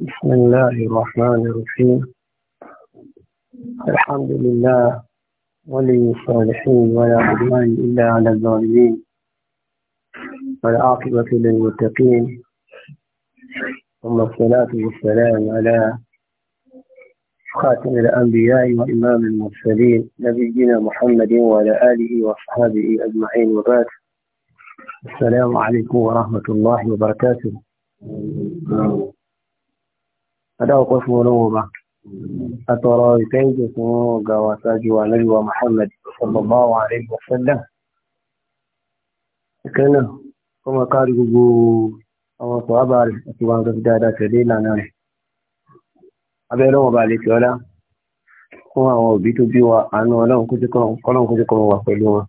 بسم الله الرحمن الرحيم الحمد لله ولي الصالحين ولا عدوان إلا على الظالمين والعاقبة للمتقين ثم الصلاة والسلام على خاتم الأنبياء وإمام المرسلين نبينا محمد وعلى آله وصحبه أجمعين وبعد السلام عليكم ورحمة الله وبركاته adáwọ̀kọ́ fún ọlọ́wọ́ ọba àtọ̀rọ̀ ìkẹ́yìnkẹ́ fún ọgá wa ṣáájú wa lórí wa Muhammad sallallahu alaihi wa sallam ìkẹ́ náà kọ́ máa kárí gbogbo àwọn ọ̀sọ̀ àbá rẹ̀ àti wọn tó fi dáadáa tẹ̀lé ìlànà rẹ̀ abẹ́ ọlọ́wọ́ ọba àlejò ọlá fún àwọn òbí tó bí wa àánú ọlọ́run kó ti kọ́ wa pẹ̀lú wọn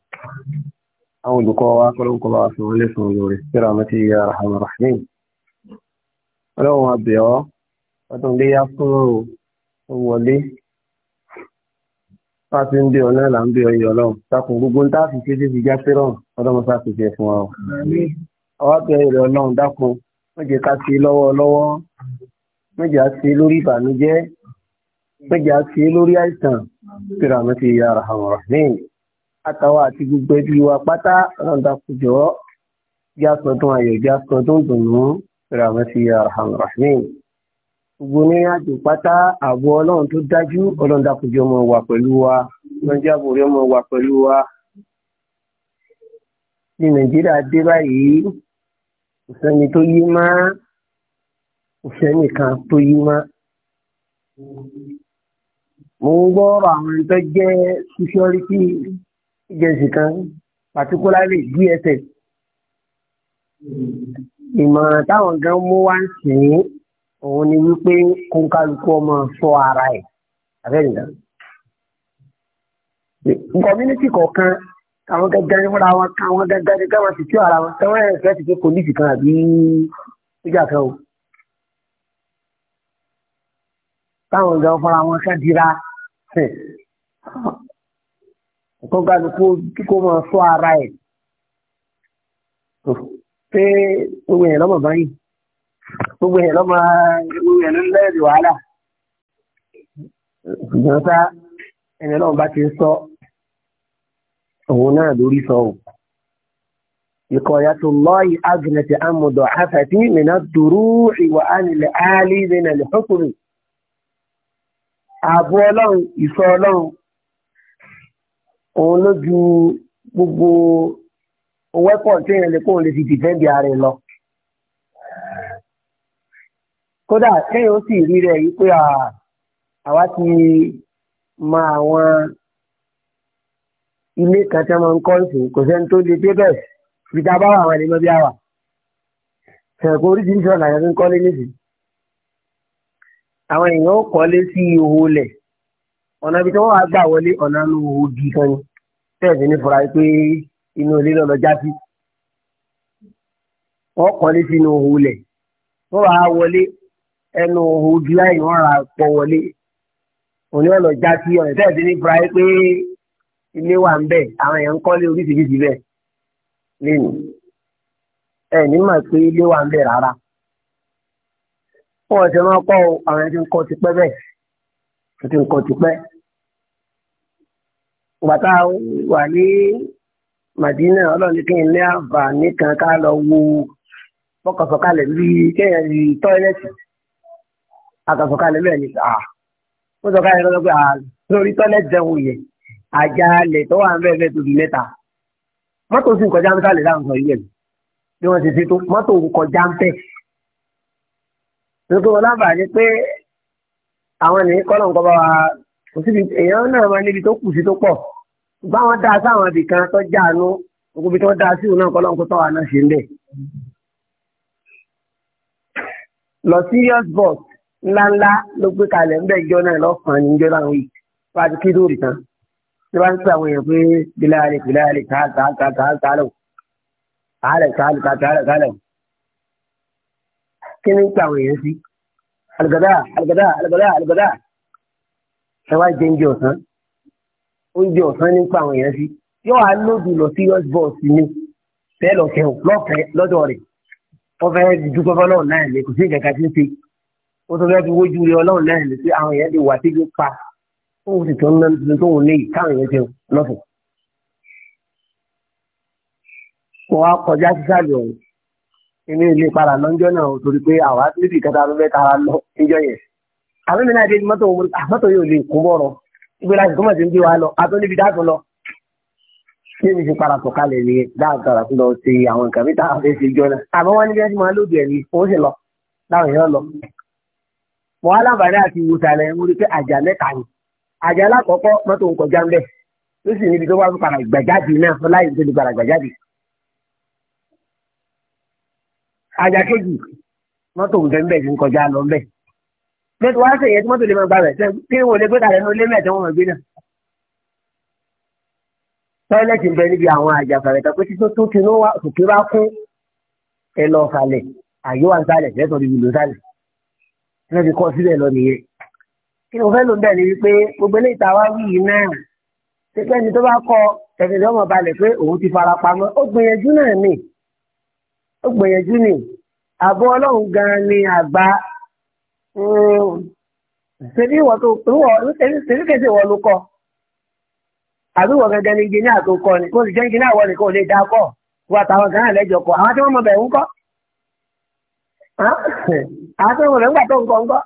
àwọn olùkọ́ wa kọ́lọ́nkọ́ bá wa sọ wọn lẹ́sùn lórí síra mọ́tí yàrá àwọn rahman ọlọ́run àbẹ̀ ọ́ ọdún léyà fún wọlé láti ń bí ọ náà là ń bí ọyọ ọlọ́run takùn gbogbo ń tá fi ṣe fífi já fẹ́ràn ọlọ́run sá fi ṣe fún ọ. ọwọ́ bẹ ìrẹ̀ ọlọ́run dákun méje ká ya ara àwọn rahman àtàwọn àti gbogbo ẹbí wa pátá ọlọ́run dákun jọ já sọdún ayọ̀ dùnú kíra mi ti ya ara àwọn rahman gbogbo ní àjò pátá ààbò ọlọ́run tó dájú ọlọ́run dákòjọ ọmọ wà pẹ̀lú wa lọ́jọ́ àbòrí ọmọ wà pẹ̀lú wa ní nàìjíríà dé báyìí kò sẹ́ni tó yí má kò sẹ́ni kan tó yí má. mo ń gbọ́ ọ̀rọ̀ àwọn ẹni tó jẹ́ security agency kan particularly DSS ìmọ̀ràn táwọn gan mú wá ń sìn ín òun ni wípé kónkálukú ọmọ sọ ara ẹ̀ abẹ́rẹ́dá. kọmíníìtì kọ̀ọ̀kan àwọn gẹ́gẹ́ ní wọ́n ra wọn ká wọn gẹ́gẹ́ ní káwọn sì tí ara wọn tẹ́wọ́n ẹ̀ fẹ́ ti pé pòlíìsì kan àbí sójà kan o. táwọn ìjọ fara wọn ṣàdíra kónkálukú kíkó mọ sọ ara ẹ̀ pé gbogbo yẹn lọ́mọ báyìí gbogbo yẹn lọ́mọ gbogbo yẹn ló ń lẹ́rìí wàhálà ṣùgbọ́n sá ẹni ọlọ́run bá ti ń sọ òun náà lórí sọ ò ìkọ̀yàtò lọ́ọ̀yì agnẹ̀tì amọ̀dọ̀ afẹ́tí mìíràn dùrú ìwà ánilẹ̀ áálí mìíràn lè ààbò ọlọ́run ìsọ ọlọ́run òun ló ju gbogbo owó ẹ̀kọ́ tí èèyàn lè kóun lè fi dìfẹ́ǹdì ara lọ. kódà kéèyàn ó sì rí rẹ̀ yìí pé àwa ti mọ àwọn ilé kan tí wọ́n ń kọ́ sí kò sẹ́ni tó lè dé bẹ́ẹ̀ fi dá báwa àwọn ènìyàn bí a wà ṣẹ̀kọ́ oríṣiríṣi ọ̀nà àyàn ń kọ́lé nísìnyí àwọn èèyàn ó kọ́lé sí ihò lẹ̀ ọ̀nà ibi tí wọ́n wá gbà wọlé ọ̀nà inú ihò kan ni bẹ́ẹ̀ sì ní fura pé inú ilé náà lọ já sí wọ́n kọ́lé sí inú ihò lẹ̀ wọ́n wá wọlé ẹnu ojú láì wọ́n ra pọ̀ wọlé òní ọ̀nà já sí ọ̀nà tẹ́lẹ̀ sí ní buhari pé ilé wà ń bẹ̀ àwọn èèyàn ń kọ́lé oríṣiríṣi bẹ́ẹ̀ lẹ́nu ẹ̀ ní mà pé ilé wà ń bẹ̀ rárá wọ́n ti máa kọ́ àwọn ẹni tí ń kọ́ ti pẹ́ bẹ́ẹ̀ tó ti ń kọ́ ti pẹ́ gbàtà wà ní Madina ọlọ́ni kí n ní àǹfààní kan ká lọ wo fọkànfọkàlẹ̀ bíi kéèyàn rí tọ́ẹ̀lẹ̀tì àkàsọ̀kalẹ̀ lóyè ní à ó sọ̀kalẹ̀ lọ́dọ̀ pé à lórí tọ́lẹ̀ jẹun yẹ àjálẹ̀ tó wà ń bẹ́ẹ̀ bẹ́ẹ̀ tóbi mẹ́ta mọ́tò sì ń kọjá ń sálẹ̀ láwọn sọ yìí ẹ̀ bí wọ́n ti fi tó mọ́tò ń kọjá ń tẹ̀. nítorí lábàáyé pé àwọn ènìyàn kọ́ lọ́nkọ́ bá wa kò síbi èèyàn náà máa níbi tó kù sí tó pọ̀ báwọn dá sáwọn ibì kan tó jáàánú gbogbo ibi tó dá sí òun náà kọ́ lọ́nkọ́ tó wà náà ṣe ń bẹ̀. lọ serious boss ńláńlá ló gbé kalẹ̀ ńbẹ̀ ìjọ náà lọ́sàn-án ní ìjọ láwọn yìí fàájì kí lóòrì tán tí wọ́n ń pè àwọn èèyàn pé bíláàlì bíláàlì káàkàkàkàlẹ̀ kàálẹ̀ kàálẹ̀ kàálẹ̀ kàálẹ̀ kí ni ń pè àwọn èèyàn sí alùgàdà alùgàdà alùgàdà alùgàdà ẹ wá jẹ oúnjẹ ọ̀sán oúnjẹ ọ̀sán ní ń pè àwọn èèyàn sí yóò wá lòdù lọ sí yọs bọ́ọ̀sì ni bẹ́ẹ̀ lọ́fẹ̀ẹ́ lọ́dọ̀ rẹ̀ wọ́n fẹ́ dúpẹ́ fọlọ́ọ̀ náà lè kò sí ìkẹ́kẹ́ tí ń ṣe ó tó fẹ́ẹ́ fi wójú rẹ ọlọ́run náà lè fi àwọn èèyàn lè wà tí yóò pa òun sì tún náà tóun lè káwọn èèyàn jẹun lọ́fọ̀. mo wá kọjá sísàlẹ̀ ọ̀hún inú ilé padà lọ́jọ́ náà ó torí pé àwa níbi ìkẹta ló fẹ́ tara lọ níjọ́ yẹn. àwọn ènìyàn àti mọ́tò ah, mọ́tò yóò lè kó bọ̀rọ̀ ibi láti tó mọ̀ sí ń gbé wa lọ àtọ́ níbi dáàtún lọ. ṣé mi ti para sọ̀kalẹ̀ ni dáàtàrà tó lọ ṣe àwọn nǹkan mi táwọn fẹ́ ṣe jọ náà àmọ́ wọ́n ní bí wọ́n ti máa lòdì ẹ̀ mo wá láǹfààní àti ìwòsàlẹ̀ mo rí pé àjà mẹ́ta ni àjà alákọ̀ọ́kọ́ mọ́tò ń kọjá ńbẹ̀ ó sì níbi tó wá fún gbàjáde náà fún láì tó lè gbàrà gbàjáde. àjà kejì mọ́tò ń bẹ́ẹ̀ bẹ́ẹ̀ ń kọjá lọ bẹ́ẹ̀. bẹ́ẹ̀ tó wá sèyẹ tí mọ́tò lè máa gba rẹ̀ sẹ́ kí wọ́n lè gbé kalẹ̀ ní olé mẹ́ẹ̀ẹ́dẹ́ wọn gbé náà. tọ́ílẹ̀tì ń bẹ níbi àwọn àjà fàrẹ̀ pé títí tó tinú wa òkè bá kún ẹ lọ sàlẹ̀ àyè wa ń sàlẹ̀ náà ti kọ́ síbẹ̀ lọ nìyẹn. kí ni mo fẹ́ lò ń bẹ̀ ni wípé gbogbo eléyìí tá a wá wí yìí náà pépé ẹni tó bá kọ tẹ̀síndé ọmọ balẹ̀ pé òun ti fara pamọ́ ó gbìyànjú náà nì ó gbìyànjú nì àbọ̀ ọlọ́run gan-an ni àgbà hmm. ṣebí ìwọ tó ṣebí kèsè ìwọ ló kọ àbí ìwọ gẹ́gẹ́ ni engineer tó kọ ni kó sì jẹ́ engineer wọ nìkan ò lè dá kọ wọ́n àtàwọn gan-an lẹ́jọ́ kọ àwọn tí wọ́n mọ bẹ̀ ń kọ́ àtúntò rẹ̀ ńgbà tó ń kọ́ ńkọ́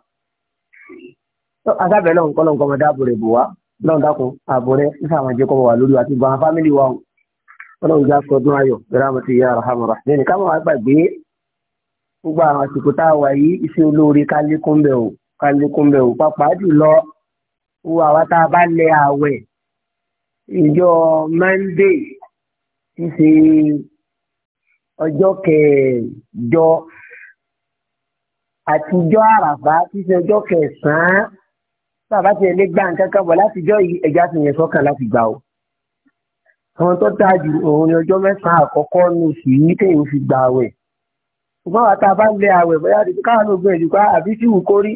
asábẹ̀ náà ńkọ́ lọ́nkọ́ ọmọdé àbúrò ìbò wa lọ́n dákun àbò rẹ̀ sísá àwọn jẹ́ kọ́ wà lórí àti ìbọn fámìlì wa o ọlọ́run já sọ dún ayọ̀ bẹ̀rẹ̀ àmọ́ ti yá arahamu rà lẹ́nu káwọn wá gbàgbé gbogbo àwọn àsìkò tá a wà yìí iṣẹ́ olóore kálékúnbẹ̀ o kálékúnbẹ̀ o pàápàá jùlọ wo àwa tá a bá lẹ àwẹ̀ ìjọ Monday ti ṣe ọjọ́ kẹjọ àtijọ́ àràfá títí ọjọ́ kẹsàn-án bàbá tiẹ̀ lé gbà nǹkan kan bọ̀ látijọ́ yìí ẹja ti yẹn sọ́kàn láti gbà o. àwọn tó ta jù òun ni ọjọ́ mẹ́sàn-án àkọ́kọ́ ní oṣù yìí téèyàn fi gbà àwẹ̀. ṣùgbọ́n àwa tá a bá ń lé àwẹ̀ bóyá àti káwọn ògbìn ìdùkọ́ ah, àbí tí wù kórí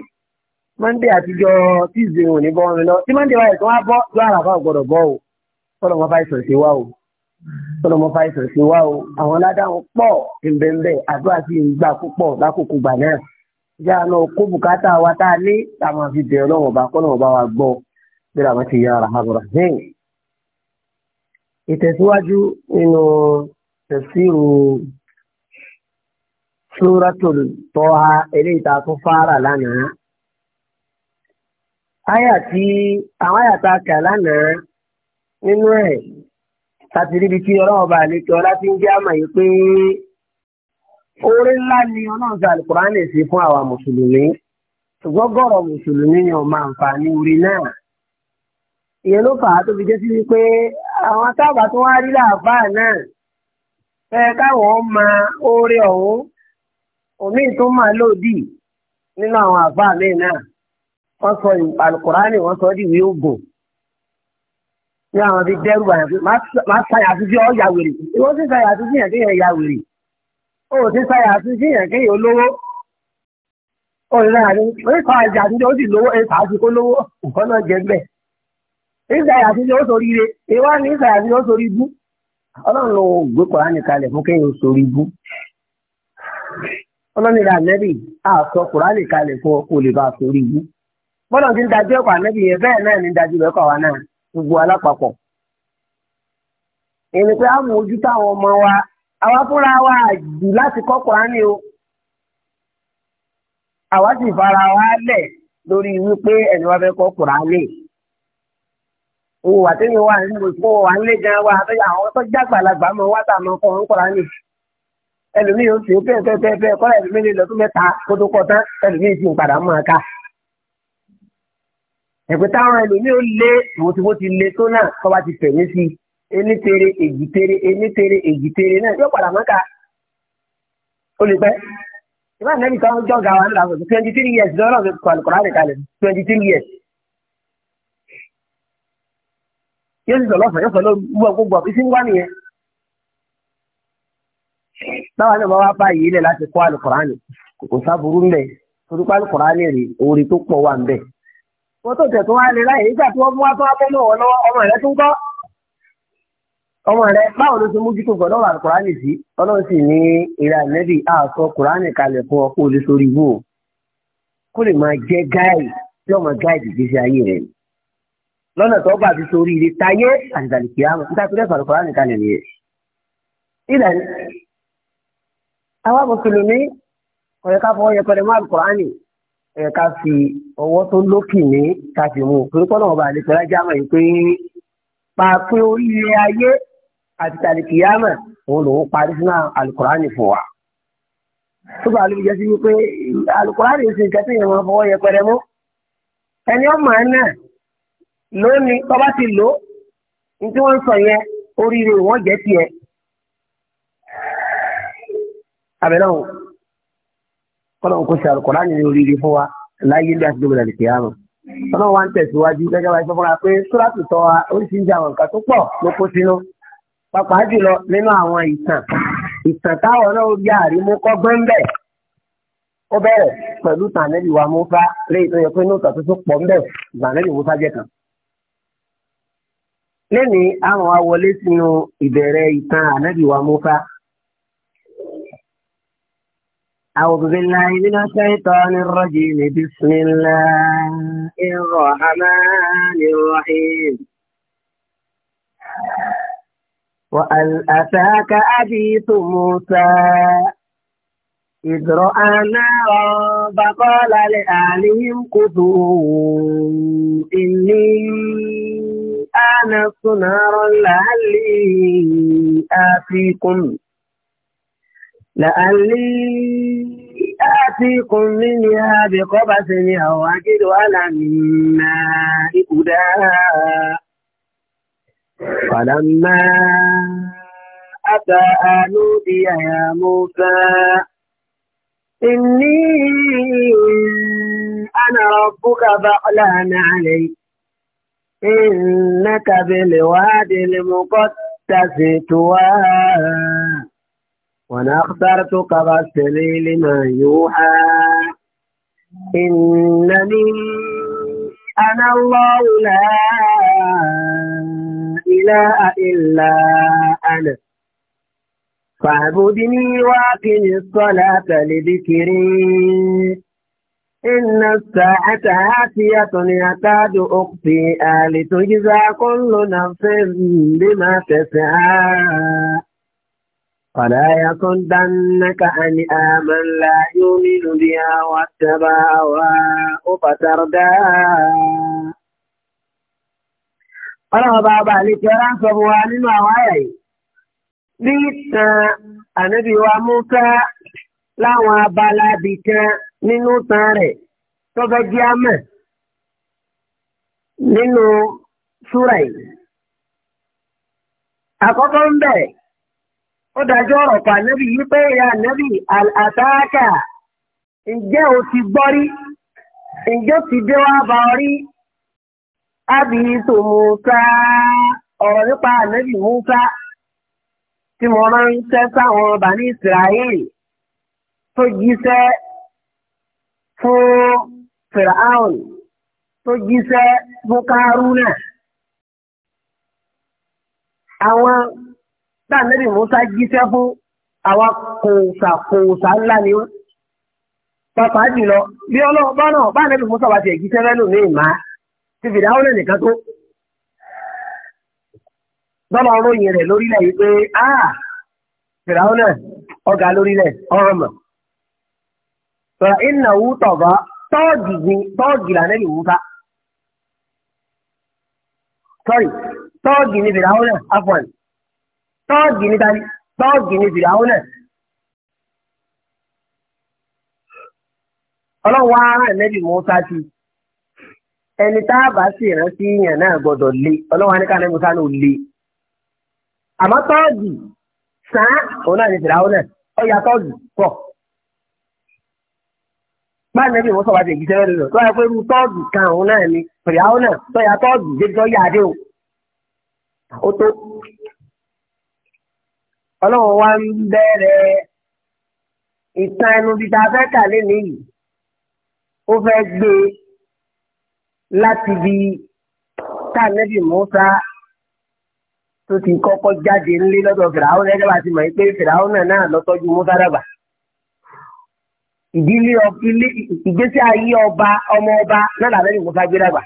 mọ́ndé àtijọ́ tíìzì òun ní bọ́ọ̀rin lọ tí mọ́ndé wáyé tó wá bọ́ tó àràfá ọ̀gbọ́dọ̀ bọ́ o kọ́dọ̀ wọn fàìsàn sí wa o kọ́dọ̀ wọn fàìsàn sí wa o àwọn ládàá wọn pọ̀ ń bẹ́ẹ̀ bẹ́ẹ̀ àdúrà sí ń gbà púpọ̀ lákòókò gbà náà jẹ́ àna kó bùkátà wa tá a ní táwọn fi bẹ̀rẹ̀ lọ́wọ́ bá kọ́ lọ́wọ́ bá wa gbọ́ bí làwọn ti yára àbúrò hẹ́n. ìtẹ̀síwájú nínú tẹ̀síru suratul Taha eléyìí tá a fara lana. Aya tí àwọn àyà tá a kà lánàá nínú ẹ̀ láti ríbi tí ọlọ́wọ́ bá àlejò ọlá ti ń jẹ́ àmọ̀ yìí orí ńlá ni ọlọ́run sọ alukur'an lè ṣe fún àwa mùsùlùmí gbọ́gọ́rọ̀ mùsùlùmí ni ọmọ àǹfààní orí náà ìyẹn ló fà á tó fi jẹ́ sí wípé àwọn táàbà tó wá rí làáfàá náà ẹ káwọn ma orí ọ̀hún omi tó máa lòdì nínú àwọn àfáà mi náà wọ́n sọ alukur'an wọ́n sọ dìwé ògùn ní àwọn fi dẹ́rù àyàfi má ṣàyàfi bí ọ yà wèrè ìwọ́n sì ṣàyàfi bí yàn ó ti sáyà sí nke kéèyàn olówó ó ti sáyà oríkọ àjà àtijọ́ ó sì lówó ẹ̀ka àti kó lówó nǹkan náà jẹ bẹ́ẹ̀ ìsáyà àtijọ́ ó sórí ire ìwá ní ìsáyà àtijọ́ ó sórí ibú ọlọ́run ló gbé kùránì kalẹ̀ fún kéèyàn ó sórí ọlọ́run ìlà nẹ́bì àsọ kùránì kalẹ̀ fún lè bá bọ́lá ti ń dajú ẹ̀kọ́ ànẹ́bì yẹn bẹ́ẹ̀ náà ni dajú ẹ̀kọ́ wa náà gbogbo alápapọ̀ ọmọ àwa fúnra wa jù láti kọ́ Kùránì o àwa sì fara wa lẹ̀ lórí wípé ẹni wa fẹ́ kọ́ Kùránì òwò àtẹ́yìn wa ní oṣù kó wà nílé gan wa àtẹ́yìn àwọn tó jágbà lágbà mọ́ wá tà mọ́ kọ́ Kùránì ẹlòmíì ó sì ó pẹ́ẹ́pẹ́ẹ́pẹ́ kọ́lá ẹlòmíì lè lọ tó mẹ́ta kó tó kọ́ tán ẹlòmíì sì ń padà mọ́ ọ ká ẹ̀pẹ́ táwọn ẹlòmíì ó lé ìwòsíwò ti lé tó náà kọ́ bá ti tẹ̀lé sí i. enitere ègìtere enitere ègìtere náà yóò padà mọ́ka olùpẹ́ ìbá nẹ́bí kan jọ̀gá wa nígbà fún twenty three years lọ́rọ̀ mi kọ̀ àlùkò láti kalẹ̀ twenty three years. yóò sì sọ lọ́sàn-án yóò sọ lórí gbogbo gbogbo ìsín wá nìyẹn. báwa náà máa yìí lẹ̀ láti kọ́ àlùkùránì kò sáburú ńlẹ̀ torí pé àlùkùránì rè orí tó pọ̀ wọ́n tó tẹ̀ tó wá lé láyé nígbà wọ́n mú wá tó wá bọ́ lọ́wọ́ ọmọ ọmọ rẹ báwo ló ṣe mójútó pẹ̀lú ọ̀rọ̀ àkùránì sí ọlọ́run sì ní ìlà nẹ́bì àṣọ kùránì kalẹ̀ fún ọkọ̀ olè sórí ibú o kó lè máa jẹ́ gáì tí ọmọ gáì ìgbésí ayé rẹ̀ lọ́nà tó bá ti sórí ilé táyé àtìdàlùkì àmọ́ níta tó lẹ́fà kùránì kalẹ̀ nìyẹn. ìlà ni àwa mùsùlùmí ọ̀yẹ̀ ká fọwọ́ yẹpẹrẹ mọ́ àkùránì ọ̀yẹ̀ fi ọwọ́ tó lókì ní ká fi mú torí pọ́nà ọba àti tàlìkìyàmà òun lòun parí sínú alukurani fún wa. Sọ́kà ló sí wípé alukurani ṣe nǹkan tó yẹ wọn fọwọ́ yẹpẹrẹ mú. Ẹni ọmọ náà lónìí tọ́ba ti lò ó ní tí wọ́n ń sọ yẹn oríire wọn jẹ́ tiẹ̀. Àbẹ̀rẹ̀ ọ̀hún kọ́nà ń ṣe alukurani ní oríire fún wa láyé bí a ti dókòtà lìkìyàmà. Ọlọ́run wa ń tẹ̀síwájú gẹ́gẹ́ bá ṣe fọ́nra pé Sọ́lá tó tọ́ wa oríṣiríṣi àwọn nǹkan tó pọ̀ ló kó sínú pàápàá jùlọ nínú àwọn ìtàn ìtàn táwọn náà gbé àrímú kọ́gbọ́n bẹ̀ ó bẹ̀rẹ̀ pẹ̀lú tànẹ́lì wa Mùsá léyìí tó yẹ pé nùtà tó tún pọ̀ ń bẹ̀ tànẹ́lì Mùsá jẹ́ kan. lẹ́ni àwọn wa wọlé sínú ìbẹ̀rẹ̀ ìtàn ànẹ́lì wa Mùsá. أعوذ بالله من الشيطان الرجيم بسم الله الرحمن الرحيم وأن أتاك حديث إِذْ إذ رأى نارا فقال لأهلهم كثوا إني آنست نارا لعلي آتيكم لعلي آتيكم منها بقبس أو أجد ألم ما فلما أتى نودي يا موسى إني أنا ربك فاعلن عليك إنك بالواد المقدس توى وأنا اخترتك غسلي لما يوحى إنني أنا الله لا إله إلا أنا فاعبدني واقم الصلاة لذكري إن الساعة آتية يكاد أخفيها آه، لتجزى كل نفس بما تسعى فلا يصدنك عن آمن لا يؤمن بها واتبع هواه فتردى ọlọ́run bá bá àlejò ọlá ń sọ fún wa nínú àwọn àyà yìí bí tan ànábì wa Mùsá láwọn abala bì kan nínú tan rẹ̀ tó fẹ́ jẹ́ àmọ̀ nínú súra yìí. àkọ́kọ́ ń bẹ̀ ó dájọ́ ọ̀rọ̀ pa ànábì yìí pé ìyá ànábì àtàkà ǹjẹ́ o ti gbọ́ rí ǹjẹ́ o ti dé wá bá ọ rí ábìyítò Musa ọ̀rọ̀ nípa ànábì Musa tí mo ránṣẹ́ sáwọn bàní Israẹli tó jíṣẹ́ fún Firaun tó jíṣẹ́ fún Kárúnà. Àwọn táànábì Musa jíṣẹ́ fún àwọn kòòsàkòòsà ńlá ni wọ́n. Pàpà jùlọ bí ọlọ́run bá náà bá ànábì Musa wá ti ẹ̀ jíṣẹ́ lẹ́nu ní ti fìdáwọn nìkan tó bọ́lá ọlọ́yin rẹ̀ lórílẹ̀ yìí pé a fìdáwọn náà ọ̀gá lórílẹ̀ ọ̀rọ̀ sọ̀rọ̀ iná wú tọ̀gá tọ́ọ̀gì ni tọ́ọ̀gì là tọ́ọ̀gì ni fìdáwọn náà afọ̀n tọ́ọ̀gì ni tani tọ́ọ̀gì ni fìdáwọn náà. ọlọ́wọ́ ara ẹ̀ ẹni tá a bá sì rántí yàn náà gbọ́dọ̀ lé ọlọ́wọ́n á ní káàní musa náà lé àmọ́ tọ́ọ̀gì sàn òun náà ní fìlàwọ́ náà ó yà tọ́ọ̀gì pọ̀ báyìí nẹ́bí wọ́n sọ̀rọ̀ àti èyí sẹ́rẹ́ lọ tó yà pé irú tọ́ọ̀gì kan òun náà ní fìlàwọ́ náà tó yà tọ́ọ̀gì dé o ó tó ọlọ́wọ́n wá ń bẹ̀rẹ̀ ìtàn ẹnu bíi ta fẹ́ kà lé nìyí ó fẹ́ gbé e. láti bí tànẹ́bì Musa tó ti kọ́kọ́ jáde ńlé lọ́dọ̀ fìràwọ́ gẹ́gẹ́ bá ti mọ̀ pé fìràwọ́ náà náà lọ́tọ́jú Musa dàgbà. ìdílé ìgbésí ayé ọba ọmọ ọba náà Musa gbé dàgbà.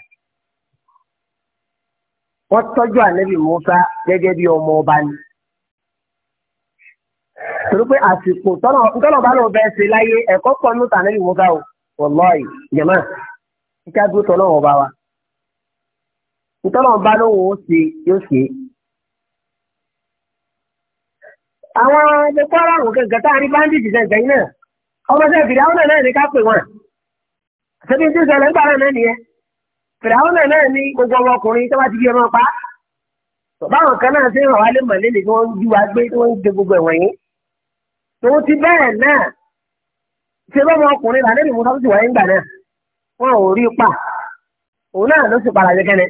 wọ́n tọ́jú ànẹ́bì Musa gẹ́gẹ́ bí ọmọ ọba ni. torí pé àsìkò bá kíkà dúró tọ́ lọ́wọ́ bá wa ìtọ́lọ́wọ́ bá lóhùn ó ṣe yóò ṣe àwọn ẹgbẹ́ ọlọ́run kẹ̀kẹ́ tá a rí bandage kẹ̀kẹ́ yìí náà ọmọ sẹ́ fìdáwọn náà ní ká pè wọ́n ṣẹ́bí tí ó ṣẹlẹ̀ nígbà náà nìyẹn fìdáwọn náà ní gbogbo ọmọ ọkùnrin tó bá ti bí ọmọ pa báwọn kan náà ṣe ń ràn wá lé mọ̀lẹ́lẹ̀ tí wọ́n wọ́n wọn ò rí pa òun náà ló sì padà yẹkẹ́lẹ́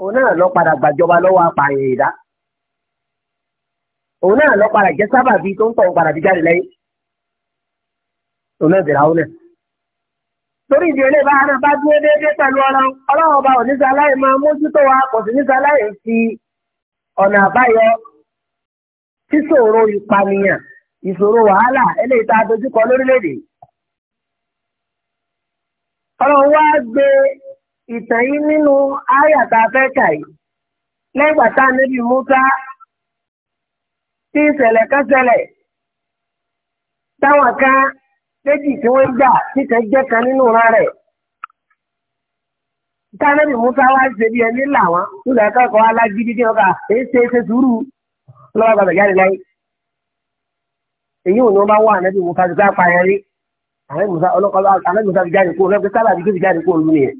òun náà lọ padà gbàjọba lọwọ apààyàn ìdá òun náà lọ padà jẹ́ tó ń tọ̀ padà bí jáde lẹ́yìn òun náà torí ìdí ilé bá dúró déédéé pẹ̀lú ọba sáláì máa mójútó wa kò sì ní ọ̀nà àbáyọ sísòro ìpànìyàn ìṣòro wàhálà dojúkọ ọlọ́run wá gbé ìtàn yìí nínú àyà tá a fẹ́ kà yìí lẹ́gbà tá a níbi Musa tí ìṣẹ̀lẹ̀ kan ṣẹlẹ̀ táwọn kan méjì tí wọ́n gbà títẹ̀ jẹ́ kan nínú ìran rẹ̀ tá a níbi Musa wá ṣe bí ẹni là wọ́n nígbà alágídí tí wọ́n kà ṣe sùúrù lọ́wọ́ bàbá jáde láyé èyí ò ní wọ́n bá wà níbi Musa ti gbà pààyàn rí àwọn ìmùsà ọlọ́kọ̀ọ́lọ́ àwọn ìmùsà ti jáde kó o lọ́pẹ́ sábà ti jáde kó o lù nìyẹn.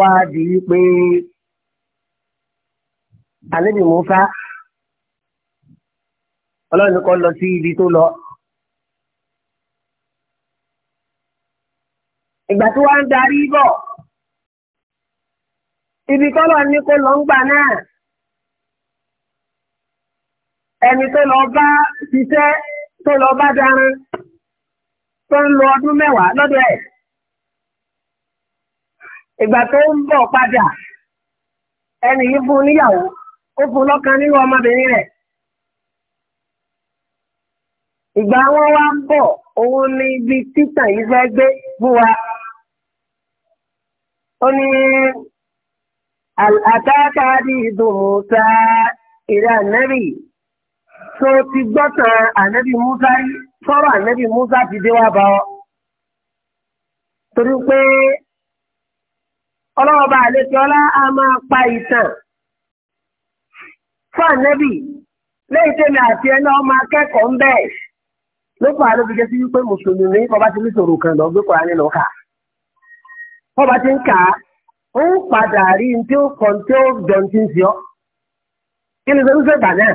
wá di pé àlejò Mùsá ọlọ́run kọ́ lọ sí ibi tó lọ. ìgbà tí wọ́n ń darí bọ̀ ibi kọ́lọ̀ ní kó lọ ń gbà náà ẹni tó lọ bá ṣiṣẹ́ tó lọ bá dáná tó ń lo ọdún mẹ́wàá lọ́dọ̀ ẹ̀. Ìgbà tó ń bọ̀ padà ẹni yìí fún níyàwó ó fún lọ́kàn nínú ọmọbìnrin rẹ̀. Ìgbà wọn wá ń bọ̀ òun ni ibi títàn yìí fẹ́ gbé fún wa. Ó ní àtàkàdì ìdùnnú ta ìrẹ́ tó ti gbọ́tàn ànẹ́bí Musa sọ̀rọ̀ ànẹ́bí Musa ti dé wá bá ọ. torí pé ọlọ́ọ̀bá àlejò a máa pa ìtàn fún ànẹ́bí lẹ́yìn tẹ́lẹ̀ àti ẹni ọmọ akẹ́kọ̀ọ́ ń bẹ̀ ló fà á ló fi jẹ́ sí wípé mùsùlùmí bọ́bá ti ní sọ̀rọ̀ kan lọ gbé kọ́ra nínú ká bọ́bá ti ń kà á ó ń padà rí ní tí ó kàn tí ó jọ ní ti ń fi ọ́ kí ni sọ́dún sẹ́gbà náà.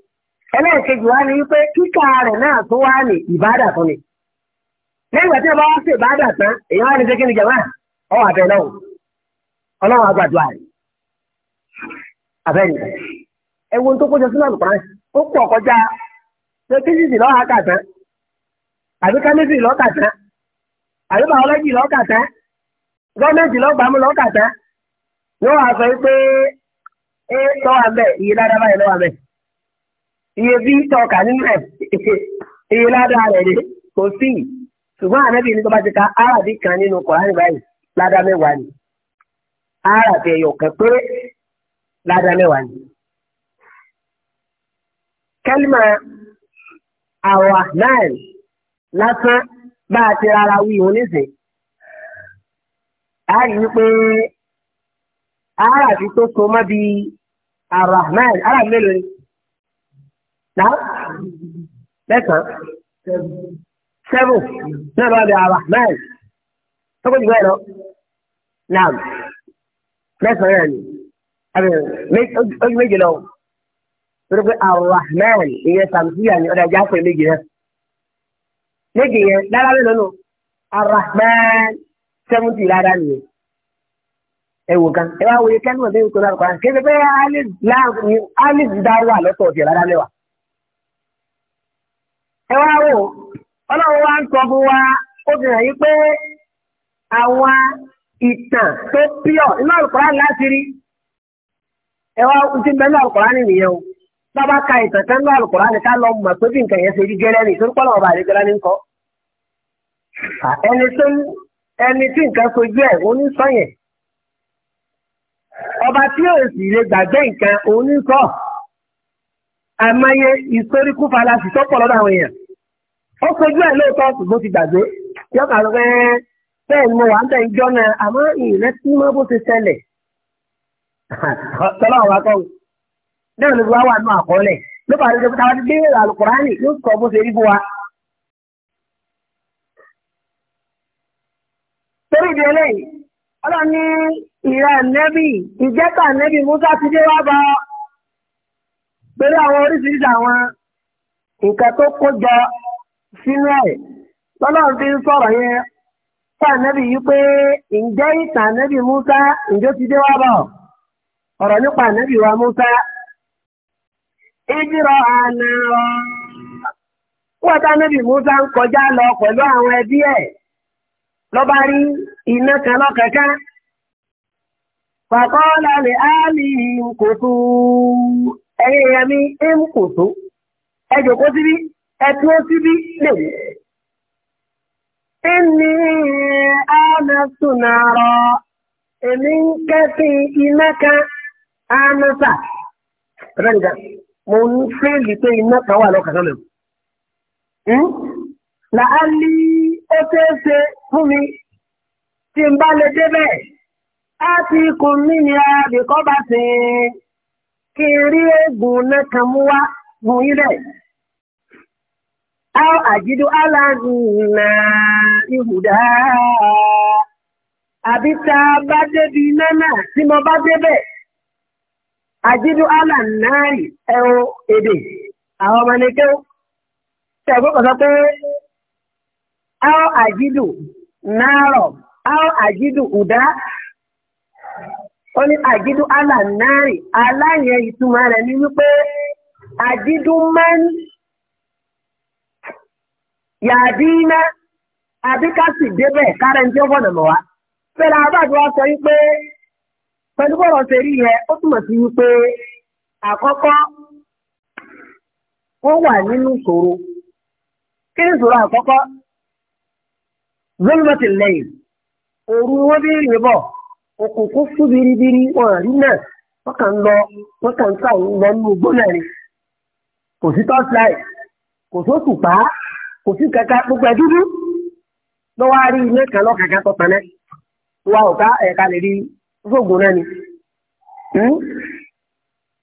ẹlẹ́ẹ̀kejì wá ní wípé kíkà rẹ̀ náà tó wá ní ìbádà fún ni lẹ́yìn tí wọ́n bá ìbádà tán èyí wá ní ṣe kí ni jàmáà ọwọ́ àbẹ̀ náà ọlọ́run àgbàdua rẹ̀ tó kọjá sínú àlùkò rẹ̀ ó pọ̀ kọjá àbí kámẹ́sì àbí gọ́ọ̀mẹ́ntì iye bí tọ́ka nínú ẹ̀ iye ládàá rẹ̀ rè kò sí ṣùgbọ́n ànábì ní tó bá ti ka áàbì kan nínú kọ̀ọ̀rán báyìí ládàá mẹ́wàá ni áàbì ẹ̀yọ̀ kan péré ládàá mẹ́wàá ni. kẹ́límà àwà náà lásán bá a ti rárá wí òun nísìn a rí i pé áàbì tó so mọ́ bíi àràhman áàbì mélòó ni náà lẹ́sàn seven, seven náà bá bẹ ara nine tọ́kọ̀ jù bẹ́ẹ̀ lọ náà lẹ́sàn-án yẹn ni ojú méje lọ torí pé arahman ìyẹn sàmùsíyà ni ọ̀dà jáfẹ́ méje náà méje yẹn lára mélòó nù arahman seventy lára nìyẹn ẹwò kan ẹ wá wòye kẹ́nu ọ̀dẹ́ ìkọ́lá ọ̀kọ́lá kí ẹ fẹ́ alif dáwà lọ́tọ̀ ọ̀tẹ̀ rárá ẹ wá wò ọlọ́run wá ń sọ fún wa ó fi hàn yí pé àwọn ìtàn tó píọ̀ inú àlùkòrán láti rí ẹ wá ti bẹ inú àlùkòrán nìyẹn o bàbá ka ìtàn tán inú àlùkòrán ká lọ mọ̀ pé bí nǹkan yẹn ṣe rí gẹ́rẹ́ ni torí pọ́nlọ́wọ́ bá rí gẹ́rẹ́ ní kọ́ ẹni tó ẹni tí nǹkan sojú ẹ̀ òun ní sọ yẹn ọba tí yóò sì lè gbàgbé nǹkan òun ní sọ àmọye historical fallacy tó pọ̀ lọ́dọ̀ àwọn èèyàn ó kojú ẹ̀ lóòótọ́ ṣùgbọ́n ti gbàgbé yọkà lọ pé bẹ́ẹ̀ ni mo wà ń bẹ̀ ìjọ náà àmọ́ ìrẹsì mọ́ bó ṣe ṣẹlẹ̀ tọ́lá ọ̀wá kọ́ náà ló fi wá wà nù àkọọ́lẹ̀ ló bá lóde tá a ti gbé alukurani yóò sọ bó ṣe rí fún wa. torí ìdí eléyìí ọlọ́run ní ìran nẹ́bì ìjẹ́ta nẹ́bì musa ti dé wá bá pẹ̀lú àwọn oríṣiríṣi àwọn nǹkan tó kó jọ sínú ẹ̀ lọ́lọ́run fi ń sọ̀rọ̀ yẹn fún ànábì yìí pé ǹjẹ́ ìtàn ànábì Musa ǹjẹ́ ti dé wá bọ̀ ọ̀rọ̀ nípa ànábì wa Musa àná wọ́n tá Musa ń kọjá lọ pẹ̀lú àwọn ẹbí ẹ̀ lọ́ba rí iná kan lọ́kẹ̀kẹ́ ẹ̀jọ̀ kó síbí. ẹ̀tún síbí lè ní. Ẹni ànàtúnàrọ̀ èmi ń kẹ́sí iná kan ànàtà. Rẹ́ǹdà, mo ń fèèlì pé iná kan wà lọ́kàn náà lẹ́nu. Làálí ó tẹ́ ṣe fún mi tí n bá lè débẹ̀. Á ti kùn mí ni àbíkọ́ bá ti kí n rí ègùn náà kan mú wá gùn yín bẹ́ẹ̀ aw àjídó alàǹnà ihùdá àbí tá a bá débi náà tí mo bá débẹ̀ àjídó alàǹnà ẹ̀rọ èdè àwọn ọmọ nìkẹ́ tẹ̀gbọ́n kan sọ pé aw àjídó náírọ̀ aw àjídó ùdá ó ní àjídó alàǹnà aláyẹn ìtumọ̀ rẹ̀ ni wípé àjídó máa ń. ya iná adịkasi débẹ̀ kárẹ̀ ní ọgbọ̀nà mọ̀ wá. Fẹ́lá Abáàdì wa sọ wípé pẹ̀lú bọ̀rọ̀ ṣe otu yẹn ó túmọ̀ ụwa wípé àkọ́kọ́ wọ́n wà akọkọ ìṣòro. Kí ni ìṣòro àkọ́kọ́? Zolmọ́tì biri biribiri wọn kò sí kẹta gbogbo ẹ dúdú ló wá rí ilé kan lọ́kàkà tó tẹ̀lé tó wá òkà ẹ̀ka lè rí fóògùn náà ni hmm?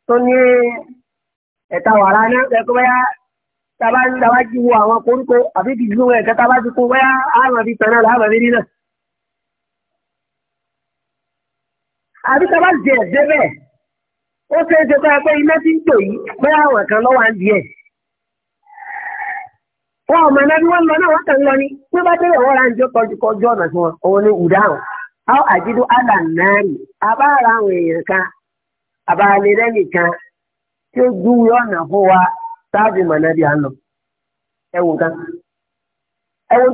tó ní ẹ̀ta wàrà náà ẹ̀kọ́ bẹ́yà tába ń dáwà jí wo àwọn koríko àbí dìgbò ẹ̀ka tába ti kó bẹ́yà àwọn àbí tẹ̀lé làwọn àbí rí náà. àbí tába jẹ̀ ẹ̀jẹ̀ bẹ́ẹ̀ ó ṣe é ṣe pé iná ti ń tò yìí bẹ́yà àwọn kan lọ́wọ́ à ń di ẹ̀. wọn ọmọ ẹ̀nà bí wọ́n lọ náà wọ́n kàn lọ ni pé bá délé wọ́n ra ń jọ kọjú kọjú ọ̀nà fún wọn òun ni ùdáhùn àwọn àjídó àlà náà àwọn èèyàn kan abáàlẹ̀ lẹ́nì kan tí ó júwe ọ̀nà fún wa sáàbì mọ̀nàbí à ń lọ kan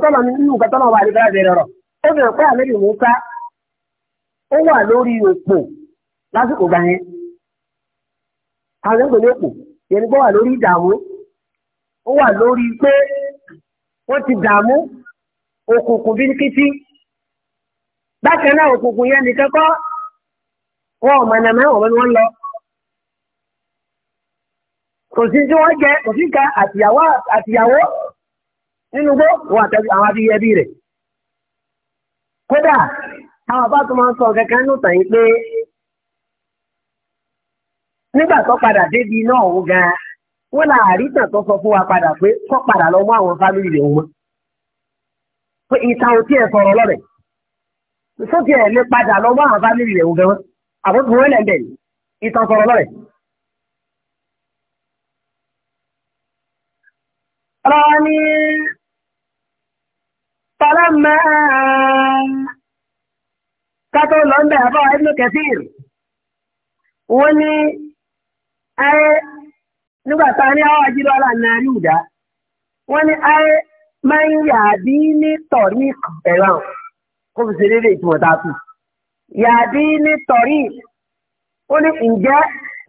tọ́lọ̀ ní nínú nǹkan tọ́lọ̀ wà bẹ́ẹ̀ ó fi hàn pé wọ́n ti dààmú òkùnkùn bíríkítí bákan náà òkùnkùn yẹn nìkan kọ́ wọn ò mọ̀nà mẹ́wọ̀n wọn ni wọ́n lọ. kò sí tí wọ́n jẹ kò sí ka àtìyàwó àtìyàwó nínú gbó wọn àtàbí àwọn abiyẹbí rẹ̀. kódà àwọn bá tún máa ń sọ kankan ní ìtàn yìí pé nígbà tó padà débi náà ó gan wọ́n la àrítàn tó sọ fún wa padà pé kọ́ padà lọ mú àwọn fámìlì rẹ̀ wọn. pé ìta ò tiẹ̀ sọ̀rọ̀ lọ́rẹ̀ sókè ẹ̀ lè padà lọ mú àwọn fámìlì rẹ̀ wọn fẹ́wọ́n àbókù wọn lẹ̀ ń bẹ̀ ìtàn sọ̀rọ̀ lọ́rẹ̀. راني طالما كاتو لوندا ابو ابن كثير وني أه nígbà tá a ní àwọn ajírọ́lá náà rí ìdá wọ́n ní ayé máa ń yà bí ní tọ̀rí ẹ̀rọ kó fi ṣe déédéé ìtumọ̀ tá a fi yà bí ní tọ̀rí ó ní ǹjẹ́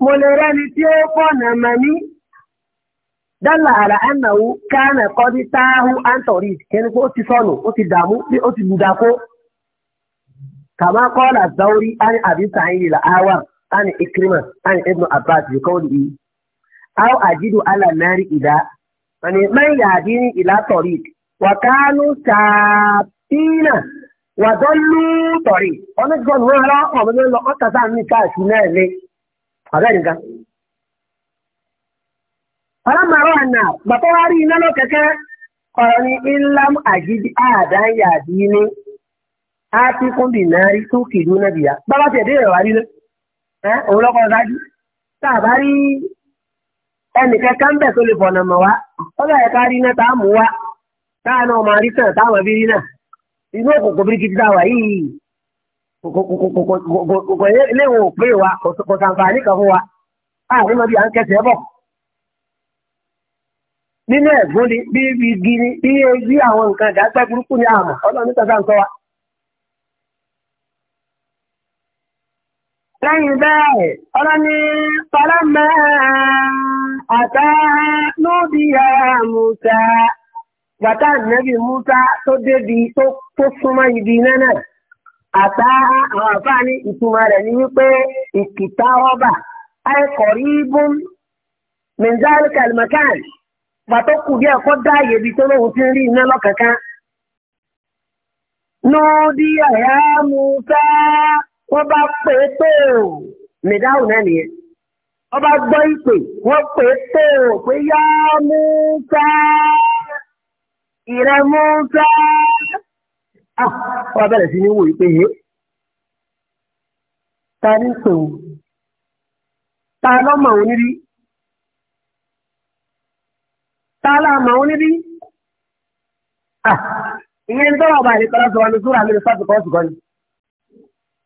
mo lè rẹ́ni tí ó fọ̀nà mọ̀ ní dálà àrà ànàwó kánà kọ́dí táàhù àǹtọ̀rí kẹ́ni pé ó ti sọnù ó ti dààmú ó ti dùdàkó kàmá kọ́ọ̀lá zauri àni àbí sàn yìí là áwà àni ikrima àni ibnu abbas yìí kọ́ọ̀lù yìí. aw ajidu ala nari ida yani man ila tọrị wa kanu sabina wa dallu tariq ọ̀nà tí wọ́n wọ́n rárá ọ̀mọ ní lọ ọ̀tà sáà ní káàkiri náà lé ọ̀rẹ́ nìkan. na ni ilam ajidi ẹnìkan ká ń bẹ̀ tó lè fọ̀nà mọ̀ wá ó bẹ̀rẹ̀ ká rí iná tá a mú wá táà náà máa rí tàn táwọn bí rí náà inú òkòkò bíríkìtì táwa yìí kòkòkòkòkò wa kò sàǹfààní kan fún wa à ń nínú ata n'obi ya musa gbata nnabi musa to debi to to suma ibi nana ata awa fani ituma re ni wipe ikita oba ai koribun min zalika al makan ba to bi da ye bi to lo tin ri na lo kankan ya musa ko ba pe to mi da ọba gbọ́ ìpè wọ́n pè é pé ò pé yá Músá ìrẹ Músá ọba bẹ̀rẹ̀ sí ní wò ìpè yé ta ní pè ó ta lọ́mọ onírí ta láàmọ onírí ìyẹn tó wà báyìí kọ́lá sọ wà ní sóra mi ní sáàtì kọ́ọ̀sì kọ́ni.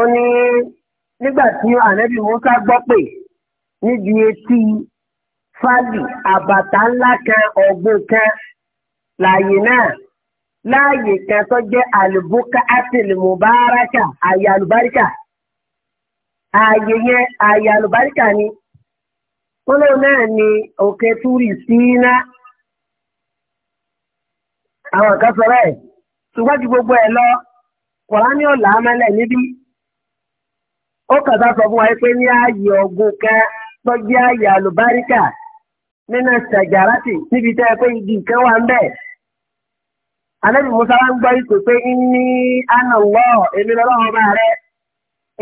ó ní nígbà tí ànábì Musa gbọ́ pé níbi etí fáàlì àbàtà ńlá kan ọ̀gbìn kan láàyè náà láàyè kan tó jẹ́ àlùbúkà àtìlì mùbáraka àyè àlùbáríkà ààyè yẹn àyè àlùbáríkà ni kóló náà ni òkè túrì síná àwọn kan sọ bẹ́ẹ̀ ṣùgbọ́n ju gbogbo ẹ̀ lọ kọ̀ọ̀rán ní ọ̀là amẹ́lẹ̀ níbí. ó kàtà sọ fún wa pé ní ààyè ọ̀gùn kan tọ́jú ààyè àlùbáríkà nínú ṣàjàràtì níbi tẹ́ ẹ pé igi wà bẹ̀. Musa wá ń gbọ́ ìpè pé ní àná èmi lọ́wọ́ rẹ̀.